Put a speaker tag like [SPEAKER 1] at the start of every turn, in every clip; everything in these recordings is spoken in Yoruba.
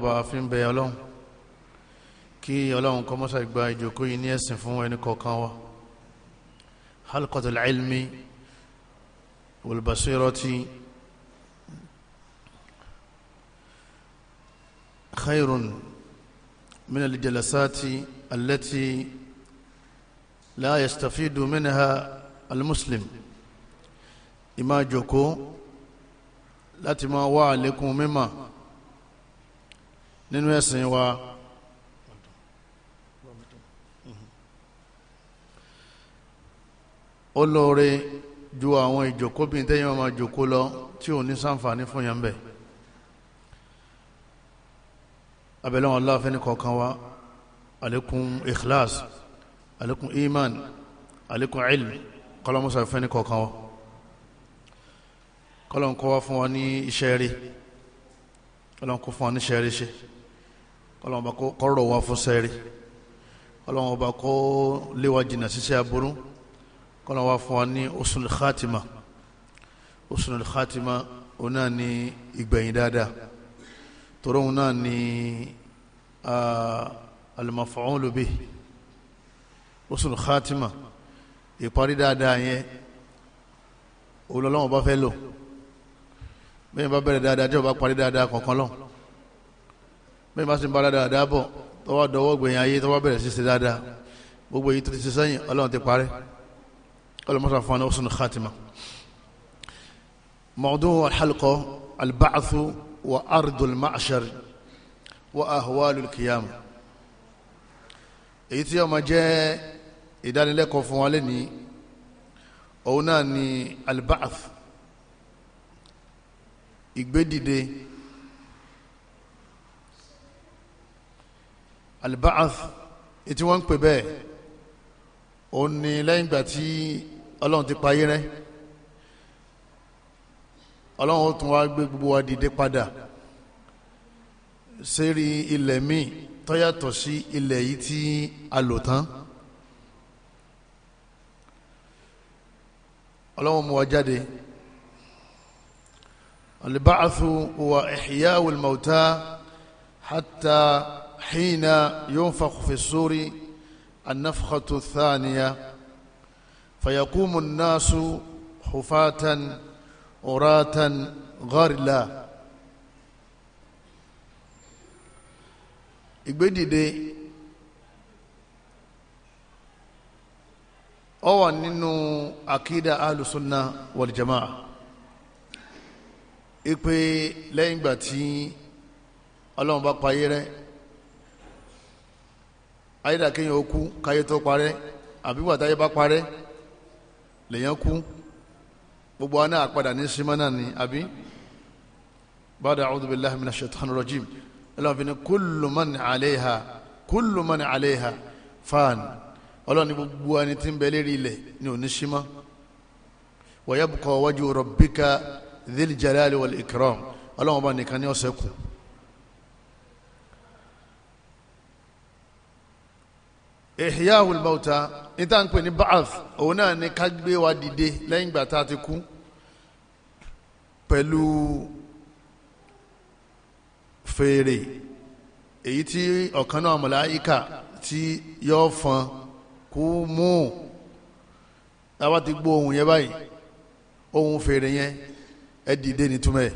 [SPEAKER 1] ọba fi ń bẹ ọlọ́run kí ọlọ́run kó mọ́sá ìgbà ìjókòó yìí ní ẹ̀sìn fún ẹni kọ̀ọ̀kan wa halqatul ilmi wal basirati khairun min aljalasati allati la yastafidu minha almuslim ìmáa jókòó láti máa wá àlékún mímọ̀ nínú ẹ̀sìn wa ó lóore ju àwọn ìjòkó bíi tẹ́yìn ọmọ ìjòkó lọ tí ò ní sáǹfààní fún yẹn bẹ̀ abẹ́lẹ́ wọn láàfẹ́ ní kọ̀ọ̀kan wa alekun ikhlas alekun iman alekun ilm kọ́lọ́mùsà fẹ́ kọ̀ọ̀kan wa kọ́lọ́mù wa fún wa ní iṣẹ́ rí kọ́lọ́mù fún wa ní iṣẹ́ rí ṣe kọlọ́wọ́n bá kó kọ́rọ̀ wá fún sẹ́ẹ̀rì kọlọ́wọ́n bá kó léwà jìnnà síṣẹ́ aburú kọlọ́wọ́n wá fún wa ní usul khatima usul khatima òun náà ní ìgbẹ̀yìn dáadáa tóró òun náà ní al-maf'ul bihi usul ìparí dáadáa yẹn òun bá fẹ́ lò bẹ́ẹ̀ bá bẹ̀rẹ̀ dáadáa tí o bá parí dáadáa kọ̀ọ̀kan lọ́wọ́ bẹ́ẹ̀ bá ti ń bára dáadáa bọ̀ tọ́wọ́ dọwọ́ gbẹ̀yìn ayé tọ́wọ́ bẹ̀rẹ̀ sí ṣe dáadáa gbogbo èyí tó ti ṣe sẹ́yìn ọlọ́run ti parẹ́ ọlọ́mọsà fún ọ sùn khatima. موضوع الحلقة البعث وأرض المعشر وأهوال القيامة èyí tí ó máa jẹ́ ìdánilẹ́kọ̀ọ́ fún wa lónìí òun náà ni albaaf ìgbédìde albaath etí wọ́n ń pè bẹ́ẹ̀ ó ní lẹ́yìn ìgbà tí ọlọ́run ti payé rẹ́ ọlọ́run ó tún wá gbé gbogbo wa dìde padà sérí ilẹ̀ míì tó yàtọ̀ sí ilẹ̀ yìí tí a lò tán wa jáde albaath huwa ihya'ul mawta hatta. حين ينفخ في الصور النفخة الثانية فيقوم الناس حفاة عراة غرلا ìgbédìde ó wà nínú akida alùsùnà wàlìjàmáà ipe lẹ́yìn ìgbà tí ọlọ́run bá payé rẹ́ ayédà kéèyàn ó kú káyé tó parẹ́ àbí wà táyé bá parẹ́ lèèyàn kú gbogbo wa náà àpadà ní símọ́ náà ni àbí bàdà a'udhu billahi minash shaitani rajim ọlọ́run fi ni kullu man 'alayha kullu man 'alayha fan ọlọ́run ní gbogbo ẹni tí ń bẹ lérí ilẹ̀ ní òní símọ́ wa yabqa wajhu rabbika dhil jalali wal ikram ọlọ́run ọba nìkan ní ọ̀sẹ̀ kù. ìhìyáhùn mọ́ta níta ń pè ní ba'ath òun náà ni ká gbé wa dìde lẹ́yìn ìgbà tá a ti kú pẹ̀lú fèrè èyí tí ọ̀kan náà màláíkà tí yóò fọn kú mú táwa ti gbọ́ ohun yẹn báyìí ohun fèrè yẹn ẹ dìde nítumẹ̀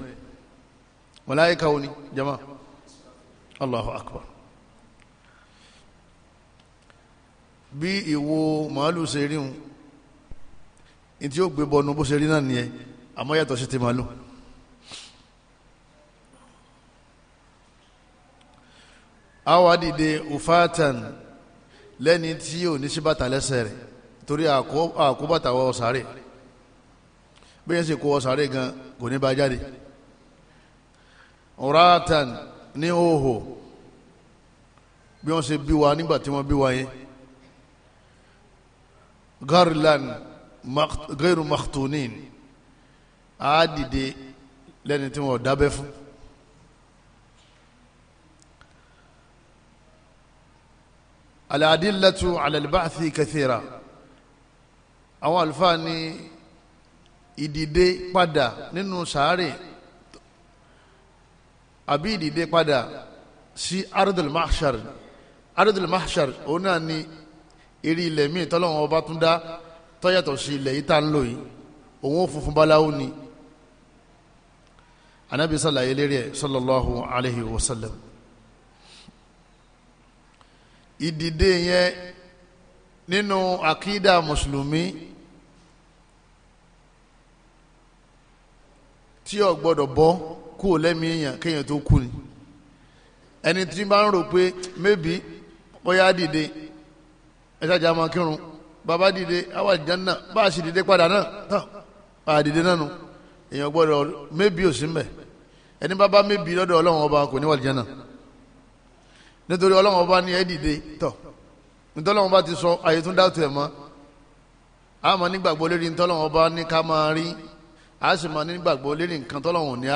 [SPEAKER 1] màláíkà òní jama Allahu akbar. bí ìwo màálù ṣe rí hun ní tí ó gbé bọnu bó ṣe rí náà nìyẹn àmọ́ yàtọ̀ sí ti màálù. àwa dìde ufatan lẹ́ni tí ò ní sí bàtà lẹ́sẹ̀ rẹ̀ torí àkóbàtà wọ sáré bí sì kó wọ gan kò ní bá jáde uratan ní òhò bí wọ́n ṣe bí wa nígbà tí wọ́n bí wa yẹn garlan gairu maktunin á dìde lẹ́ni tí wọ́n dábẹ́ fún. aladilatu alalibaathi kathira àwọn àlùfáà ní ìdìde padà nínú sàárè àbí ìdìde padà sí ardul mahshar ardul mahshar òun náà ni Eri ilẹ̀ míì tọ́lọ́wọ́n ọba tún dá tọ́yàtọ̀ sí ilẹ̀ yìí tá ń lò yìí òun ó funfun báláwo ni anabi sàlàyé lérí ẹ̀ sallallahu alayhi wa sallam ìdìde yẹn nínú àkídà mùsùlùmí tí ó gbọ́dọ̀ bọ́ kú ò lẹ́mí èèyàn kéèyàn tó kú ni ẹni tí bá ń rò pé mébì bóyá dìde ẹ̀ṣájà máa kírun bàbá dìde àwa àjànà bá a sì dìde padà náà tán bá a dìde náà nù èèyàn gbọ́dọ̀ mébì ò sí mbẹ̀ ẹni bàbá mébì lọ́dọ̀ ọlọ́run ọba kò ní wà àjànà nítorí ọlọ́run ọba ní ẹ dìde tọ̀ nítorí ọlọ́run ọba ti sọ àyè tún dàtú ẹ̀ mọ́ àmọ́ nígbàgbọ́ lórí ntọ́lọ́run ọba ní ká máa rí a sì máa nígbàgbọ́ lórí nǹkan tọ́lọ́run ní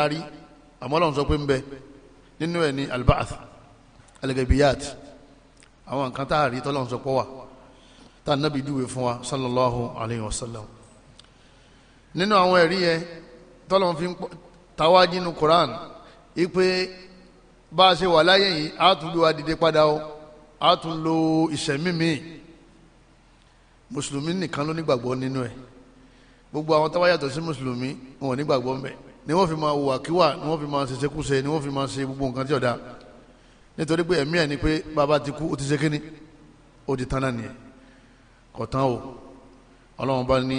[SPEAKER 1] á àmọ́ tá nábì júwe fún wa sallallahu alayhi wa sallam nínú àwọn ẹ̀rí yẹn tọ́lọ́n fi ń tawá nínú Quran ipe bá a ṣe wà láyé yìí a tún lò adìde padà o a tún lò ìṣẹ̀mí mi mùsùlùmí nìkan ló nígbàgbọ́ nínú ẹ̀ gbogbo àwọn tó bá yàtọ̀ sí mùsùlùmí wọn ò nígbàgbọ́ ń bẹ̀ ni wọ́n fi máa wùwà kíwà ni wọ́n fi máa ṣe ṣekúṣe ni wọ́n fi máa ṣe gbogbo nǹkan tí ọ̀dà nítorí pé ẹ̀mí ẹ̀ ni pé bàbá ti kú ó ti ṣe kíni ó ti tán náà nìyẹn kọ̀tán o ọlọ́run bá ní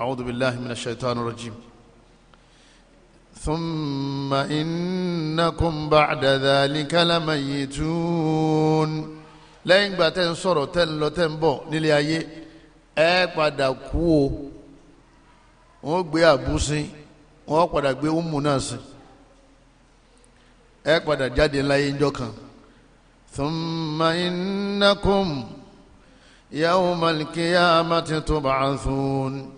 [SPEAKER 1] a'udhu billahi minash shaitani rajim thumma innakum ba'da dhalika lamayitun lẹ́yìn ìgbà tẹ́ ń sọ̀rọ̀ tẹ́ ń lọ tẹ́ ń bọ̀ nílé ayé ẹ padà kú o wọ́n gbé àbúsí wọ́n padà gbé umu náà sí ẹ padà jáde láyé ńjọ́ kan thumma innakum. يوم القيامة تبعثون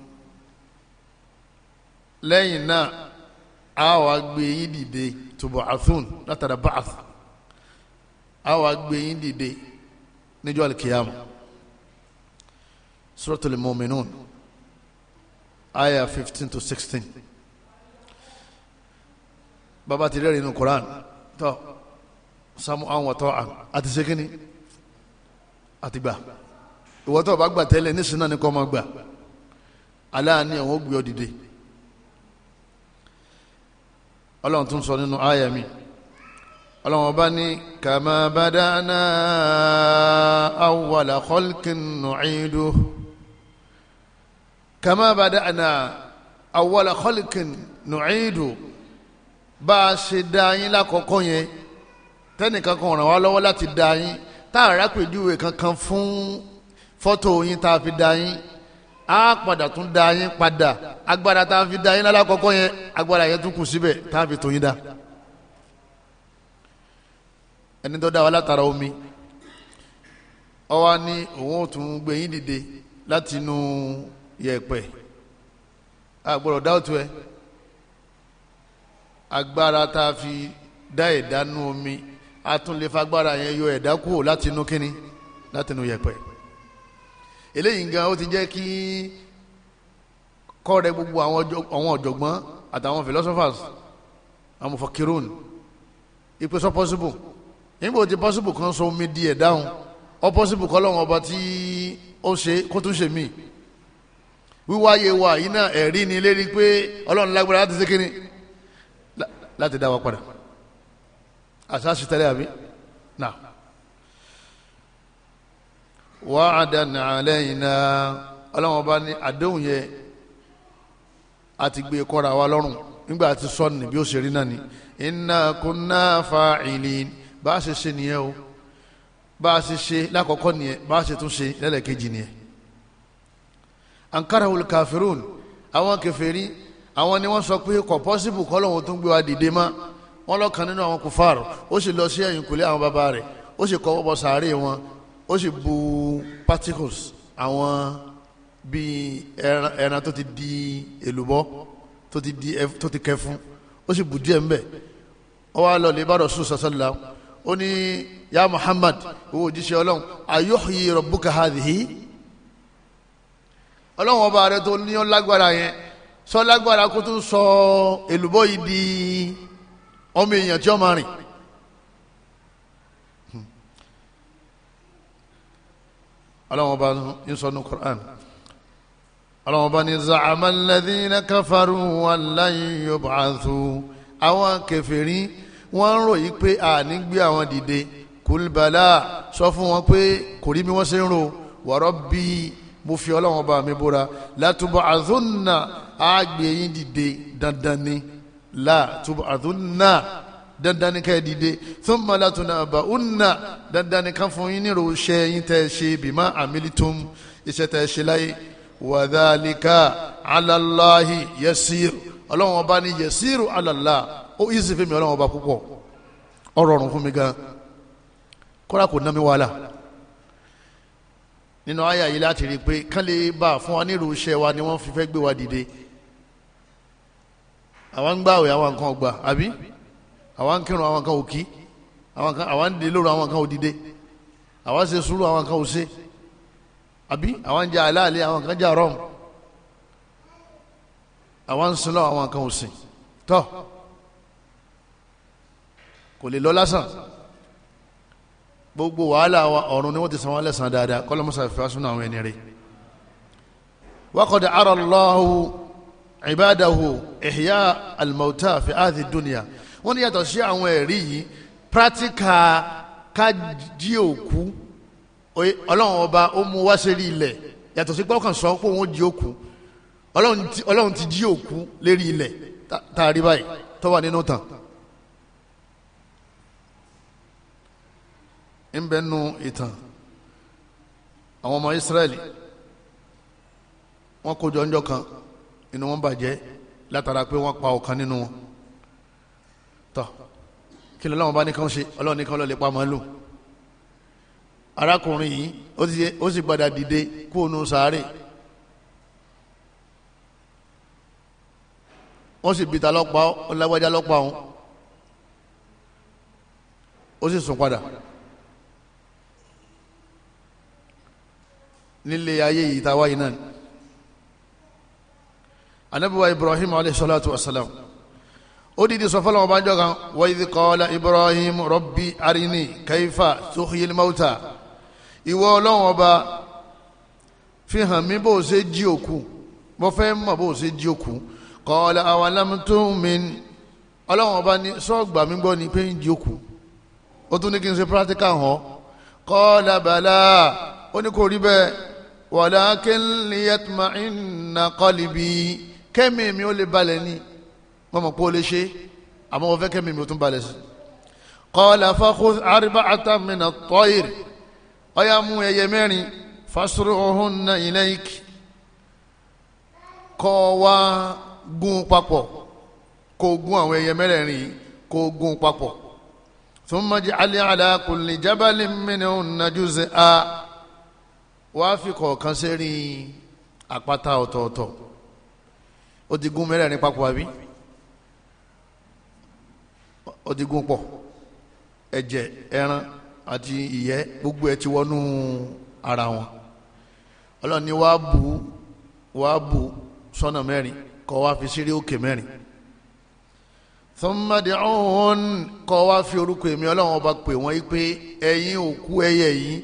[SPEAKER 1] lẹ́yìn náà a wá gbé yín dìde tubu'athun látara ba'ath a wá gbé yín dìde níjọ́ alikiyama suratul mu'minun aya fifteen to sixteen baba ti rẹ́rìn inú Quran tó samu an wa ta'an àti sekini àti gbà ìwọ tó o bá gbà tẹ́lẹ̀ nísìn náà ni kò máa gbà aláàánú àwọn ògbé ọ dìde ọlọ́run tún sọ nínú àyà mi ọlọ́run ọba ní kàmá bàdáná awwala khalqin nu'idu kàmá bàdáná awwala khalqin nu'idu bá a ṣe dá yín lákọ̀ọ́kọ́ yẹn tẹ́nìkan kan ràn wá lọ́wọ́ láti dá yín tá a rápèjúwe kankan fún fọ́tò yín tá a fi da yín á padà tún da yín padà agbára tá a fi da yín lálákọ̀ọ́kọ́ yẹn agbára yẹn tún kù síbẹ̀ tá a fi tó yín da ẹni tó dá wa látara omi ó wá ní òun ò tún gbé yín dìde láti inú yẹ̀pẹ̀ agbọ́dọ̀ dáwọ́tò ẹ agbára tá a fi dá ẹ̀dá nú omi a tún lè fagbára yẹn yọ ẹ̀dá kúrò láti inú kínní láti inú yẹ̀pẹ̀ eléyìí gan ó ti jẹ́ kí kọ́ rẹ gbogbo àwọn ọ̀jọ̀gbọ́n àtàwọn philosophers àwọn mufakirun ipe sọ possible nígbà tí possible kan sọ omi di ẹ̀ dáhùn ọ possible kọ́ lọ́wọ́n ọba tí ó ṣe kó tún ṣe mí wíwáyé wa yìí náà ẹ̀rí ni lérí pé ọlọ́run lágbára láti ṣe kíni láti dá wa padà àṣà ṣe tẹ́lẹ̀ àbí náà wa'adan alayna ọlọ́wọ́n bá ní àdéhùn yẹn àti gbé kọ́ra wa lọ́rùn nígbà tí sọ́ọ̀nì bí ó ṣe rí náà ni inna kunna fa'ilin bá a ṣe ṣe nìyẹn o bá a ṣe ṣe lákọ̀ọ́kọ́ nìyẹn bá a ṣe tún ṣe lẹ́lẹ̀kejì nìyẹn. ankara wul kafirun àwọn kèfèrí àwọn ni wọ́n sọ pé kò pọ́sibù kọ́ lóun tún gbé wa dìde mọ́ wọ́n lọ́kàn nínú àwọn kùfàr ó sì lọ sí ẹ̀yìnkùlé àwọn bàbá rẹ̀ ó sì kọ́ wọ́pọ̀ sàárè wọn ó sì bu particles àwọn bíi ẹran tó ti di èlùbọ́ tó ti di tó ti kẹfun ó sì bu díẹ̀ ńbẹ̀ ó wá lọ lè bá Rasul sàṣàlá ó ní ya Muhammad owó òjíṣẹ́ ọlọ́run ayuhyi rabbuka hadhihi ọlọ́run ọba rẹ tó ní ọ lágbára yẹn sọ lágbára kó tó sọ èlùbọ́ yìí di ọmọ èèyàn tí ó máa rìn. ọlọ́wọ́n bá ń sọ ní Qur'an ọlọ́wọ́n bá ní za'ama alladhina kafaru an lan yub'athu àwọn kèfèrí wọ́n ń ròyìn pé àní gbé àwọn dìde kùlbàlà sọ fún wọn pé kò rí bí wọ́n ṣe ń ro wa rabbi mo fi ọlọ́wọ́n mi búra latub'athunna àgbẹ̀yìn dìde dandan ni látub'athunna dandan ni ká ẹ dìde thumma latunabbaunna dandan ni ká fún yín nírò iṣẹ́ yín tẹ́ ẹ ṣe bima amiltum iṣẹ́ tẹ́ ẹ ṣe láyé wa dhalika ala Allahi yasiru ọlọ́run ọba ni yasiru ala Allah ó easy fún mi ọlọ́run ọba púpọ̀ ó rọrùn fún mi gan kóra kò ná mi wàhálà nínú àyà yìí láti rí i pé kán lè bá a fún wa nírò iṣẹ́ wa ni wọ́n fi fẹ́ gbé wa dìde àwọn ń gbàwé àwọn nǹkan ọgbà àbí? àwa ń kírun àwọn kan ò kí àwa ń dè lóru àwọn kan ò dìde àwa ṣe sùúrù àwọn kan ò ṣe àbí àwa jẹ àlàálẹ̀ àwọn kan jẹ àrọ́m àwa ń àwọn kan ò sìn kò lè lọ lásán gbogbo wàhálà ọ̀run ni wọ́n ti san wọ́n lẹ́sàn dáadáa kọ́lọ́ musa fẹ́ sún àwọn ẹni rẹ̀ waqad ara Allahu ibadahu ihya fi hadhihi dunya wọ́n ní yàtọ̀ sí àwọn ẹ̀rí yìí practical kájí òkú ọlọ́run ọba ó mú wá sí ilẹ̀ yàtọ̀ sí gbọ́kàn sọ pé òun jí òkú ọlọ́run ti jí òkú lérí ilẹ̀ tá a rí báyìí tó wà nínú tàn. ń bẹ nu ìtàn àwọn ọmọ Israẹli wọ́n kó jọ ńjọ́ kan inú wọn bàjẹ́ látara pé wọ́n pa ọ̀kan nínú wọn tọ́ kí ló lọ́wọ́ bá ní kán ṣe ọlọ́run ní kán lọ́ọ́ lè pa màálù arákùnrin yìí ó sì padà dìde kú ònú sàárè wọ́n sì bìtà lọ́pàá ọlágbájá lọ́pàá òun ó sì sùn padà nílé ayé yìí tá a náà anabiwa Ibrahim alayhi salatu wa salam ó dìde sọ fọlọ́n ọba njọ́ kan wa idh qala ibrahim rabbi arini kaifa tuhyil mauta ìwọ ọlọ́run ọba fi hàn mí bó o ṣe jí òkú mo fẹ́ mọ̀ bó o ṣe jí òkú qala awalam tu'min ọlọ́run ọba ní sọ́ọ̀gbà mi gbọ́ ni pé ń jí òkú ó tún ní kí n ṣe practical hàn qala bala ó ní kò rí bẹ́ẹ̀ walakin liyatma'inna qalbi kẹ́mi mi ó lè balẹ̀ ni wọ́n mọ̀ pé ó lè ṣe àmọ́ wọ́n fẹ́ kẹ́mi mi ò tún balẹ̀ sí. qala fakhudh arba'atan min at-tayr ọ̀yà mú ẹyẹ mẹ́rin fasruhunna ilayk kọ́ wá gún papọ̀ kó gún àwọn ẹyẹ mẹ́rẹ̀ẹ̀rin yìí kó gún papọ̀ thumma ij'al 'ala kulli jabalin minhunna juz'a wàá fi kọ̀ọ̀kan sẹ́rìn àpáta ọ̀tọ̀ọ̀tọ̀ ó ti gún mẹ́rẹ̀ẹ̀rin papọ̀ àbí ó ti gún pọ̀ ẹ̀jẹ̀ ẹran àti ìyẹ́ gbogbo ẹ̀ ti wọnú ara wọn ọlọ́run ni wàá bù wàá bù sọ́nà mẹ́rin kọ́ wá fi sírí òkè mẹ́rin tọ́mọdé ọ̀hún kọ́ wá fi orúkọ èmi ọlọ́run ọba pè wọ́n yí pé ẹ̀yin òkú ẹyẹ yìí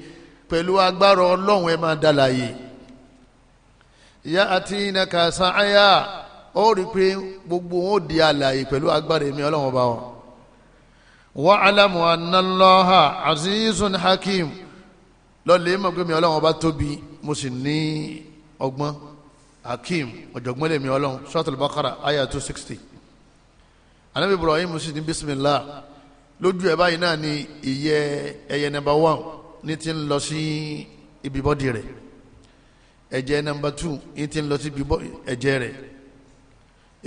[SPEAKER 1] pẹ̀lú agbára ọlọ́run ẹ máa dàlàyé ìyá àti ìnàkà sàn ó rí i pé gbogbo wọn ò di àlàyé pẹ̀lú agbára èmi ọlọ́run ọba wọn wa'lamu anna Allaha azizun hakim lọ́lẹ̀ mọ̀ pé mi ọlọ́run ọba tóbi mo sì ní ọgbọ́n hakim ọ̀jọ̀gbọ́n lèmi ọlọ́run suratul Baqara aya two sixty anabi Ibrahim sì ní bismillah lójú ẹ̀ báyìí náà ni ìyẹ́ ẹyẹ nọmba one ní ti ń lọ sí ibibọ́dì rẹ̀ ẹ̀jẹ̀ nọmba two ní ti ń lọ sí ẹ̀jẹ̀ rẹ̀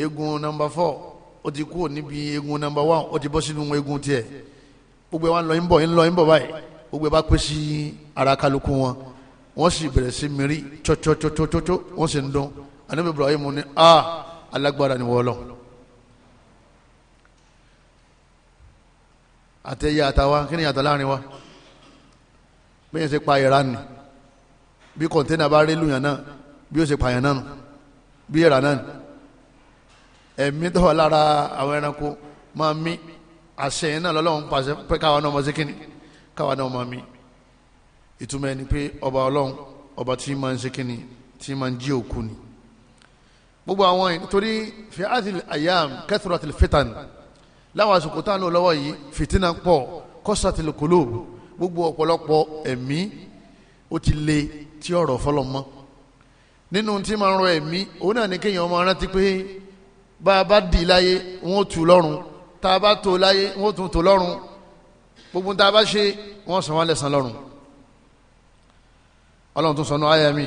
[SPEAKER 1] egun nọmba four ó ti kúrò níbi egun nọmba one ó ti bọ́ sínú egun tiẹ̀ gbogbo ẹ̀ wá ń lọ ń bọ̀ ń lọ ń bọ̀ báyìí gbogbo ẹ̀ bá pé sí ara kálukú wọn wọ́n sì bẹ̀rẹ̀ sí mìírí tsọ́tsọ́tsọ́tsọ́ wọ́n sì ń dún Ànábì Ibrahim ní a alágbára ni wọ́ọ́lọ́ àtẹ̀yẹ àtàwa kí ni yàtọ̀ láàrin wa bẹ́ẹ̀ ṣe pa ìran ni bí kọ̀ńténà bá rí lùyàn náà bí ó ṣe pààyàn náà bí ìran náà ẹ̀mí tó wà lára àwọn ẹranko máa mí àṣẹ yẹn náà lọ́lọ́run pàṣẹ pé káwa náà mọ̀ sí kíni káwa náà máa mí ìtumọ̀ ẹni pé ọba ọlọ́run ọba tí máa ń ṣe kíni tí máa ń jí òkú ni gbogbo àwọn torí fi azil ayam kathratil fitan láwọn àsìkò tá à ń lò lọ́wọ́ yìí fìtínà pọ̀ kọ́sàtìlì kulub gbogbo ọ̀pọ̀lọpọ̀ ẹ̀mí ó ti le tí ọ̀rọ̀ fọlọ́mọ́ nínú tí máa ń rọ ẹ̀mí òun náà ní kéèyàn máa rántí pé bá a bá dì í láyé wọn ò tù lọ́rùn tá a bá tó láyé wọn ò tún tó lọ́rùn gbogbo tá a bá ṣe wọn sàn wọn lẹ́sàn lọ́rùn. ọlọ́run tó sọnù àyà mi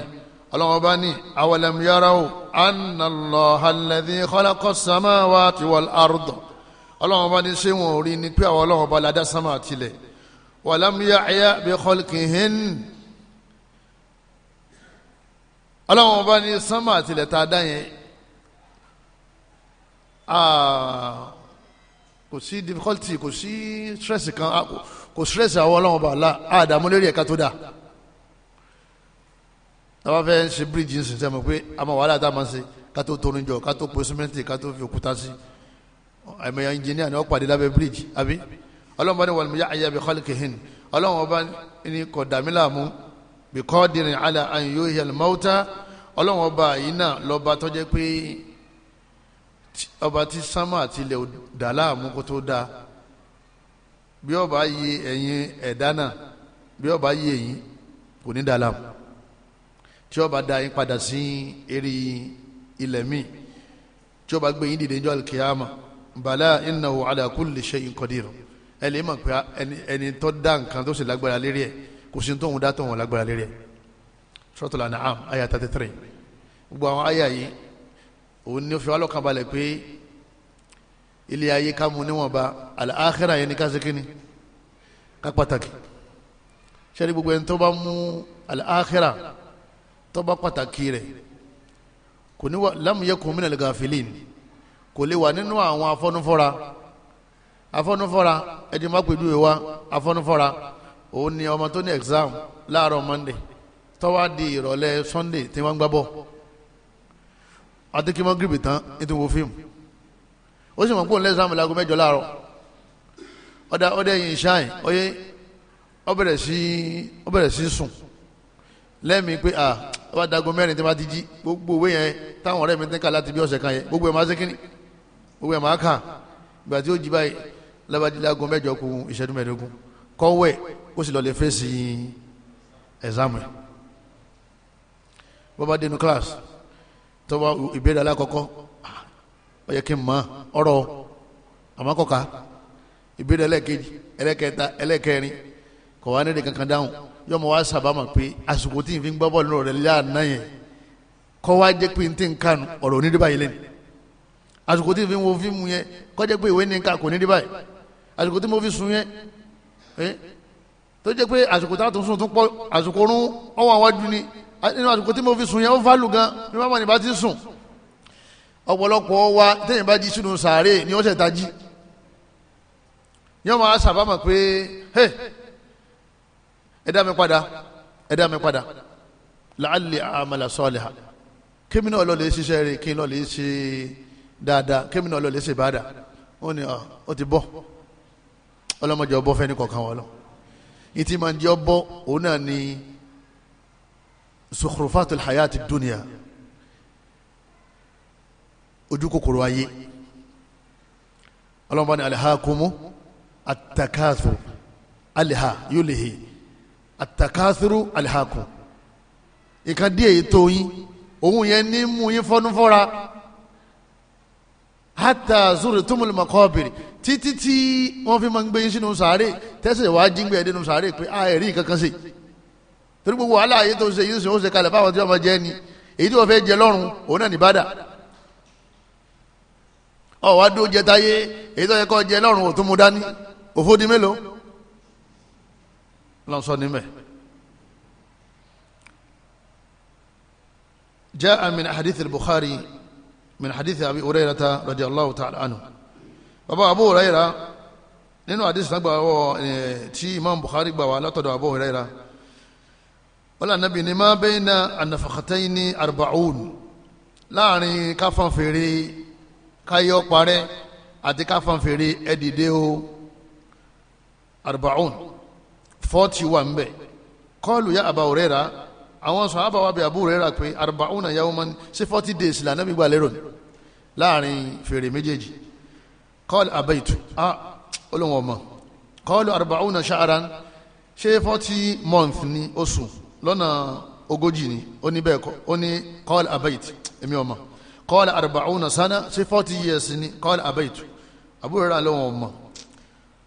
[SPEAKER 1] ọlọ́run bá ní awalam yarau anna Allaha alladhi khalaqa as bá ní ṣé wọn ni pé àwọn ọlọ́run bá ládá sánmà àtìlẹ̀ walam ya'ya bi bá ní sánmà àtìlẹ̀ tá a dá yẹn Ah, kò sí difficulty kò sí stress kan ah, kò stress àwọn ọlọ́run ọba àlá àdàmú lórí ẹ̀ka tó dáa tàbá fẹ́ ṣe bíríìjì ń sìn pé àmọ́ wàhálà tá a máa ń ṣe ká tó tóni jọ ká tó pè símẹ́ǹtì ká tó fi òkúta sí àmì ẹnjìníà ni wọ́n pàdé lábẹ́ bíríìjì àbí ọlọ́run bá ní wàlúmi yá àyà bí khalqihin ọlọ́run ọba ní kò dàmí làmú bí kọ́ọ̀dìrín àlà àyìn yóò yẹ lọ́mọ́tà ọlọ́run ọba yìí náà lọ́ba tọ́jẹ́ pé ọba tí sánmà àti ilẹ̀ dà láàmú kó tó dáa bí ọba yí ẹ̀yin ẹ̀dá náà bí ọba yí ẹ̀yin kò ní dà láàmú tí ọba dá yín padà sí eré ilẹ̀ míì tí ọba gbé yín dìde ní ọjọ́ kìámà bàlá innahu ala kulli shay'in qadir ẹ lè mọ̀ pé ẹni tó dá nǹkan tó sì lágbára lérí ẹ̀ kò sí tóun dá tóun lágbára lérí ẹ̀ Suratul An'am àyà 33 gbogbo àwọn àyà yìí òun ní òfin alọ́kànbalẹ̀ pé ilé ayé ká mu níwọ̀nba àlàáhẹ́rà yẹn ní ká sékíní ká pàtàkì sẹ́ni gbogbo ẹni tó bá mú àlàáhẹ́rà tó bá pàtàkì rẹ̀ kò ní wà lámùyẹ́kùn mí gafilin kò lè wà nínú àwọn afọ́nufọ́ra afọ́nufọ́ra ẹni má pẹ̀lú ìwà afọ́nufọ́ra òun ni ọmọ tó ní exam láàárọ̀ monday tó wá ìrọ̀lẹ́ sunday tí wọ́n gbá bọ́ọ̀ adékèmọ́ gírìbì tán ètò wo fíìmù ó sì mọ̀ pé òun lẹ́sàn-án láago mẹ́jọ láàárọ̀ ọ̀dà ọ̀dà ẹ̀yìn ìṣáàyìn ọ̀yẹ́ ọ̀bẹ̀rẹ̀ sí ọ̀bẹ̀rẹ̀ sí sùn lẹ́mìí pé à ọba dago mẹ́rin tí wọ́n ti jí gbogbo òwe yẹn táwọn ọ̀rẹ́ mi ti ń kà láti bí ọ̀sẹ̀ kan yẹn gbogbo ẹ̀ máa ṣe kínní gbogbo ẹ̀ máa kà ìgbà tí ó jí báyìí lábàájí láago mẹ́jọ kù ìṣẹ́jú mẹ́ẹ̀ẹ́dógún kọ́wẹ́ ó sì lọ lè fèsì ẹ̀zámù ẹ̀ bọ́ba dénú kíláàsì tọ́wọ́ ìbéèrè alákọ̀ọ́kọ́ ó yẹ kí n mọ ọ̀rọ̀ àmọ́kọ̀ọ́ká ìbéèrè ẹlẹ́ẹ̀kejì ẹlẹ́ẹ̀kẹta ẹlẹ́ẹ̀kẹrin kọ̀ wá nídìí kankan dáhùn yóò mọ̀ wá sábàámọ̀ pé àsìkò tí n fi gbọ́ bọ́ọ̀lù rẹ̀ láàánú yẹn kọ́ wá jẹ́ pé n ti ń kanu ọ̀rọ̀ onídìbà yìí lẹ́nu àsìkò tí n fi wo fíìmù yẹn kọ́ jẹ́ pé ìwé ní ká kò nídìbà tó jẹ́ pé àsìkò tá a tún sùn tún pọ̀ àsìkò orun ọwọ́ àwájú ni nínú àsìkò tí mo fi sùn yẹn ó fálù gan bí màmá ni bá ti sùn ọ̀pọ̀lọpọ̀ wa téèyàn bá jí sínú sàárè ni ó ṣẹ̀ta jí yọ́n máa ṣàbámọ̀ pé hey ẹ dá mi padà ẹ dá mi padà la'alli a'mala salihan kémi náà lọ lè ṣiṣẹ́ rẹ̀ kí n lọ lè ṣe dáadáa kémi náà lọ lè ṣe báadáa ó ní ọ ah, ti bọ́ ọlọ́mọdé ọbọ̀ fẹ́ni kọ̀ọ̀kan wọn lọ ìtì máa ń jẹ́ ọbọ̀ òun náà ni sukhrufatul hayati dunya ojú kòkòrò ayé ọlọ́mọba ní alihakumu atakathur aliha yulihi atakathuru alihakum ìkan díẹ̀ yìí tó yín òun yẹn ní mú yín fọ́nú fọ́ra hata zurtumul maqabir títí tí wọ́n fi máa ń gbé yín sínú sàárè tẹ́sẹ̀ wá jíǹgbẹ́ ẹ̀dínú sàárè pé a ẹ̀rí kankan sí i torí gbogbo wàhálà ayé tó ṣe yíṣùn ó ṣe kalẹ̀ fáwọn tí wọ́n jẹ́ ni èyí tí wọ́n fẹ́ jẹ lọ́rùn òun náà ní bàdà ọ̀ wá dúró jẹ táyé èyí tó yẹ kó jẹ lọ́rùn òtún mu dání òfò di mélòó lọ́sọ̀ nímẹ̀. جاء من حديث البخاري من حديث أبي هريرة رضي الله تعالى عنه bàbá Abu Huraira لأنه hadith náà تي إمام بخاري Imam لا gbà أبو látọ̀dọ̀ wọ́n nàbì ní ma bayna an-nafakhatayni arba'un láàrin káfọ́nfèrè káyọ́ parẹ́ àti káfọ́nfèrè ẹ̀dìdẹ́ o arba'un forty one ń bẹ̀ kọ́ọ̀lù ya Abu Hurairah àwọn sàhábà wá bi Abu Hurairah pé arba'una yawman sí forty days là nàbì gbà lérò láàrin fèrè méjèèjì kọ́ọ̀lù abaitu a olóhùn ọmọ kọ́ọ̀lù arba'una sha'ran ṣé forty months ni oṣù lọ́nà ogójì ni ó ní bẹ́ẹ̀ kọ́ ó ní kọ́ọ̀lù abayit èmi ọmọ kọ́ọ̀lù arba'una sana sí forty years ni kọ́ọ̀lù abayit àbúrò rẹ̀ lọ́wọ́ ọmọ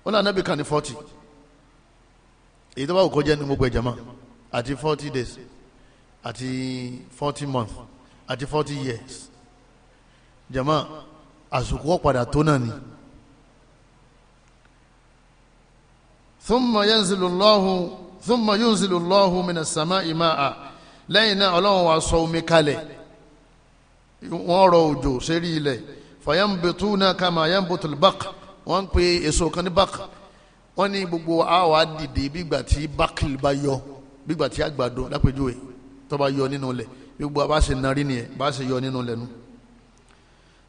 [SPEAKER 1] ó ní anabi kan ní forty èyí tó bá wù kó jẹ́ ní gbogbo ẹ̀jẹ̀ mọ́ àti forty days àti forty months àti forty years jama àsùkú ọ̀padà tó náà ni. thumma yanzilullahu thumma yunzilu Allahu minas sama'i ma'a lẹ́yìn náà ọlọ́run wa sọ omi kalẹ̀ wọ́n rọ òjò sérí ilẹ̀ fayambituna kama yambutul baq wọ́n ń pe èso kan ní baq wọ́n ní gbogbo àwa dìde bígbà tí bákìl bá yọ bígbà tí àgbàdo lápèjúwe tó bá yọ nínú ilẹ̀ gbogbo àbá ṣe narí nìyẹn bá ṣe yọ nínú ilẹ̀ nu.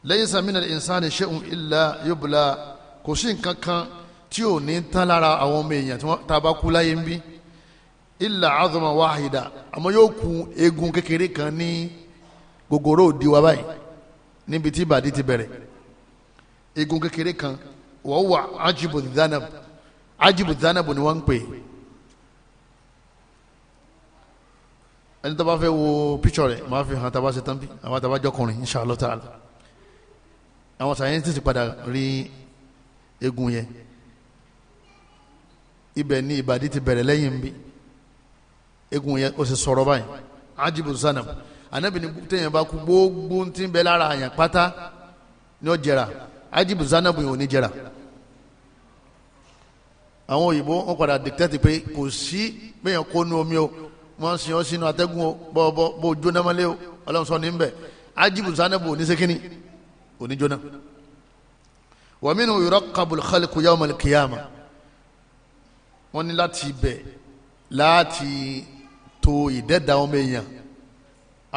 [SPEAKER 1] laysa minal insani shay'un illa yubla kò sí nǹkan kan tí ò ní tán lára àwọn ọmọ èèyàn tí wọ́n tá a bá kú láyé ń bí ilà azọmọ wàhídà àmọ́ yóò kun eegun kékeré kan ní gogoro òdi wa báyìí níbi tí ìbàdí ti bẹ̀rẹ̀ eegun kékeré kan wọ́n wà ajibu zanab ajibu zanab ni wọ́n ń pè ẹni tó bá fẹ́ wo píṣọ rẹ̀ máa fi hàn tábà ṣe tán bí àwọn tábà jọkùnrin inṣàlọ́ tààlà àwọn sàyẹ́ntìsì padà rí eegun yẹn ibẹ̀ ni ìbàdí ti bẹ̀rẹ̀ lẹ́yìn bíi egun yẹn ó sì sọ̀rọ̀ báyìí ajibu zanab anabi ni téèyàn bá kú gbogbo ti ń bẹ lára àyàn pátá ni ó jẹrà ajibu zanab yìí ò ní jẹrà àwọn òyìnbó wọn padà dìtẹ́tì pé kò sí bẹ́yàn kó nu omi o wọ́n sin ọ́ sínú atẹ́gùn o bọ́ọ̀bọ́ bó jóná mọ́lé o ọlọ́run sọ ní bẹ́ẹ̀ ajibu zanab ò ní wa minhu yuraqqabu al-khalqu yawm al-qiyamah wọ́n láti bẹ̀ láti to ìdẹ́dà ọmọ èèyàn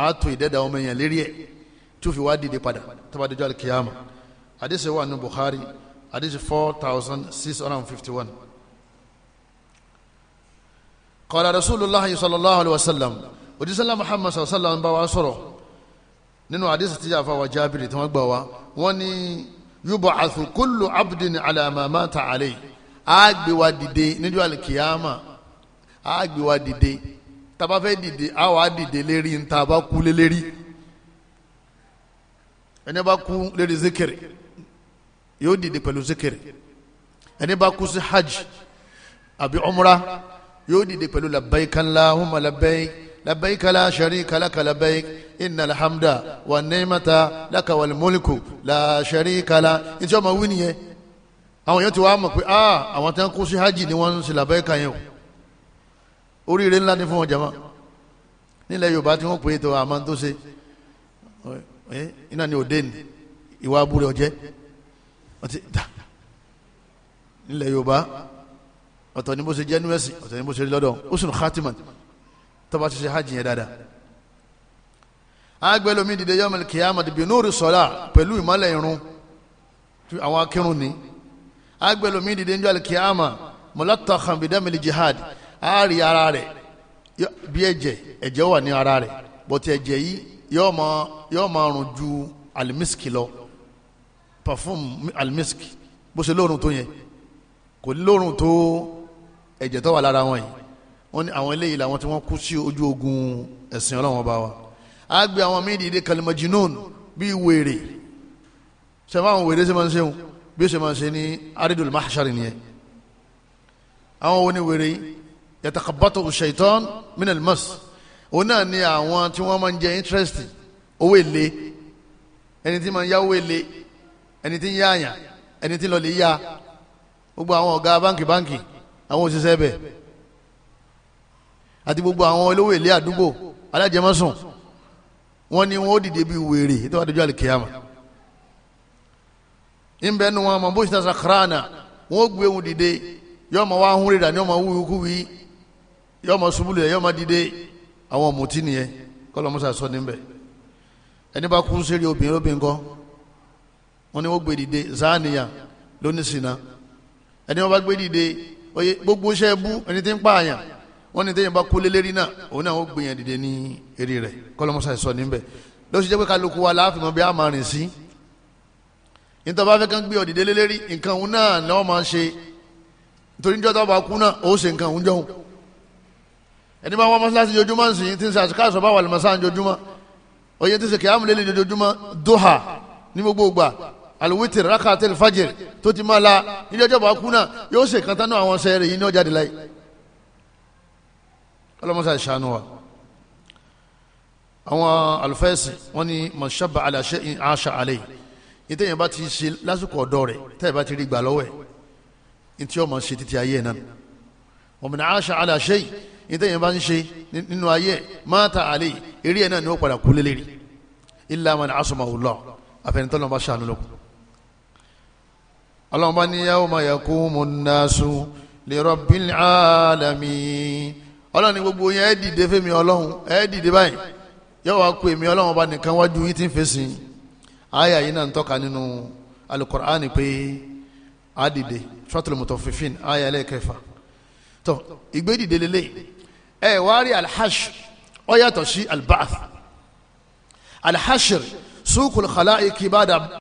[SPEAKER 1] a to ìdẹ́dà ọmọ èèyàn lérí ẹ̀ tí ó fi wá dìde padà tó bá dọjọ́ alikiyama hadisi wà ní Bukhari hadisi four thousand six hundred and fifty one. qala rasulillah sallallahu alayhi wa sallam odisala muhammad sallallahu alayhi wa sallam bá wa sọ̀rọ̀ nínú hadisi tí yàfa wa jábìrì tí wọ́n gbà wá wọ́n ní yub'athu kullu abdin ala ma mata alayhi a gbé wa dìde níjọ́ alikiyama a gbé wa dìde taba fẹ́ dìde a wà dìde lérí ntá a bá kú lélérí ẹni bá kú lérí zikiri yóò dìde pẹ̀lú zikiri ẹni bá kú sí hajj àbí umra yóò dìde pẹ̀lú labbaik allahumma labbaik labbaik la sharika laka labbaik inna alhamda wa ni'mata laka wal mulku la sharika la ìjọba wí nìyẹn àwọn yẹn ti wá mọ̀ pé ah, àwọn tán kú sí hajj ni wọ́n ń ṣe labbaik yẹn o oríire ńlá ni fún wọn jama nílẹ̀ yorùbá tí wọ́n pè é tó àmọ́ tó ṣe iná ni òde ni ìwà abúlé ọ̀jẹ́ nílẹ̀ yorùbá ọ̀tọ̀ ni bó ṣe jẹ́ nùẹ́sì ọ̀tọ̀ ni bó ṣe rí lọ́dọ̀ usnu khatiman tó bá ti ṣe hajj yẹn dáadáa agbẹ́lómi dìde yọmọlì kìyàmà dìbì núùrì sọ́lá pẹ̀lú ìmọ̀lẹ̀ irun àwọn akírun ni agbẹ́lómi dìde ń jọ́ àlìkìyàmà mọ̀látàkàn bìdámìlì jihad á rí ara rẹ̀ bí ẹ̀jẹ̀ ẹ̀jẹ̀ wà ní ara rẹ̀ bọ̀tí ẹ̀jẹ̀ yìí yóò máa yóò máa rùn ju alimiski lọ perfume alimiski bó ṣe lóorùn tó yẹn kò ní lóorùn tó ẹ̀jẹ̀ tó wà lára wọn yìí wọ́n ní àwọn eléyìí làwọn tí wọ́n kú sí ojú ogun ẹ̀sìn ọlọ́wọ́n bá wa á gbé àwọn míì dìde kalimajinun bíi wèrè ṣe fáwọn wèrè ṣe máa ń ṣe wọn bí ó ṣe máa ń ṣe ní aridul mahshari nìyẹn àwọn wo ni wèrè yìí yàtàkàbàtò ṣèitán minal mas òun náà ni àwọn tí wọ́n máa ń jẹ interest owó èlé ẹni tí máa ń yáwó èlé ẹni tí ń yáàyàn ẹni tí ń lọlé yá gbogbo àwọn ọ̀gá báǹkì báǹkì àwọn òṣìṣẹ́ bẹ̀ àti gbogbo àwọn olówó èlé àdúgbò alájẹmọ́sùn wọ́n ní wọ́n ó dìde bíi wèrè tó wà dójú àlìkèyàmà nbẹ nu wọn mọ bó ṣe ta sakarana wọ́n ó gbé wọn dìde yọọ ma wá hún rẹ̀ dà ní ọmọ wúwú kúwìí yọ ọmọ subúlù yẹ yọ ọmọ dìde àwọn ọmọọtí nìyẹn kọlọmọsà sọ níbẹ̀ ẹni bá kún sí rí obìnrin obìnrin kọ wọn ni wọn gbé dìde zaniya lónìsínà ẹni wọn bá gbé dìde oye gbogbo iṣẹ́ bú ẹni tí ń pààyàn wọn ni téèyàn bá kú lélẹ́rìí náà òun náà wọn gbé yẹn dìde ní eré rẹ̀ kọlọmọsà sọ níbẹ̀ lọ́sí jẹ́ pé kálukú wa láàfin mọ́ bí a máa rìn sí nítorí bá fẹ́ kán gbé ọ̀dìdé lélẹ́rìí nǹkan òun náà ni wọ́n máa ṣe nítorí níjọ́ tó ẹni bá wọn mọ́sálásí jojúmọ́ ń sìn tí ń sàṣìká àṣọ bá wà lẹ́mọ̀sá jojúmọ́ oyè tí ń sèké àmúlẹ̀ lè jojúmọ́ dóhà ní gbogbo ìgbà alùwítìrì rákàtẹ́lì fàjẹ̀rì tó ti máa la ilé ọjọ́ bá kú náà yóò ṣe kàn tánú àwọn sẹ́ẹ̀rì yìí ní ọjà dìláì ọlọ́mọsá ìṣàánú wa àwọn alùfẹ́sì wọn ni mọ̀ṣábà aláṣẹ àṣà àlẹ́ yìí tẹ́yìn bá ti ṣe lásìkò ọ̀dọ́ rẹ̀ tẹ́yìn bá ti rí gbà lọ́wọ́ ẹ̀ ní ọmọ ṣe títí ayé náà ọmọ ìtẹ̀yìn bá ń ṣe nínú ayé mata ali eré ẹ̀ náà ni ó padà kú lélẹ́rì illa man asmahullah àfẹnitọ́ lọ́nba ṣàánú lọ́kùn. ọlọ́mọba ní yawma yakumu nnasu li rabbil alamin ọlọ́run ní gbogbo yẹn ẹ̀ dìde fẹ́mi ọlọ́run ẹ̀ dìde báyìí yọ̀wá kú èmi ọlọ́run ọba nìkan wájú yìí ti ń fèsì àyà yìí náà ń tọ́ka nínú alukur'ani pé àdìde Suratul Mutaffifin àyà ẹlẹ́kẹfà tó ìgbédìde lélẹ́yìí ẹ wá rí alhashr ó yàtọ̀ sí alba'ath alhashr suukul khala'iki bada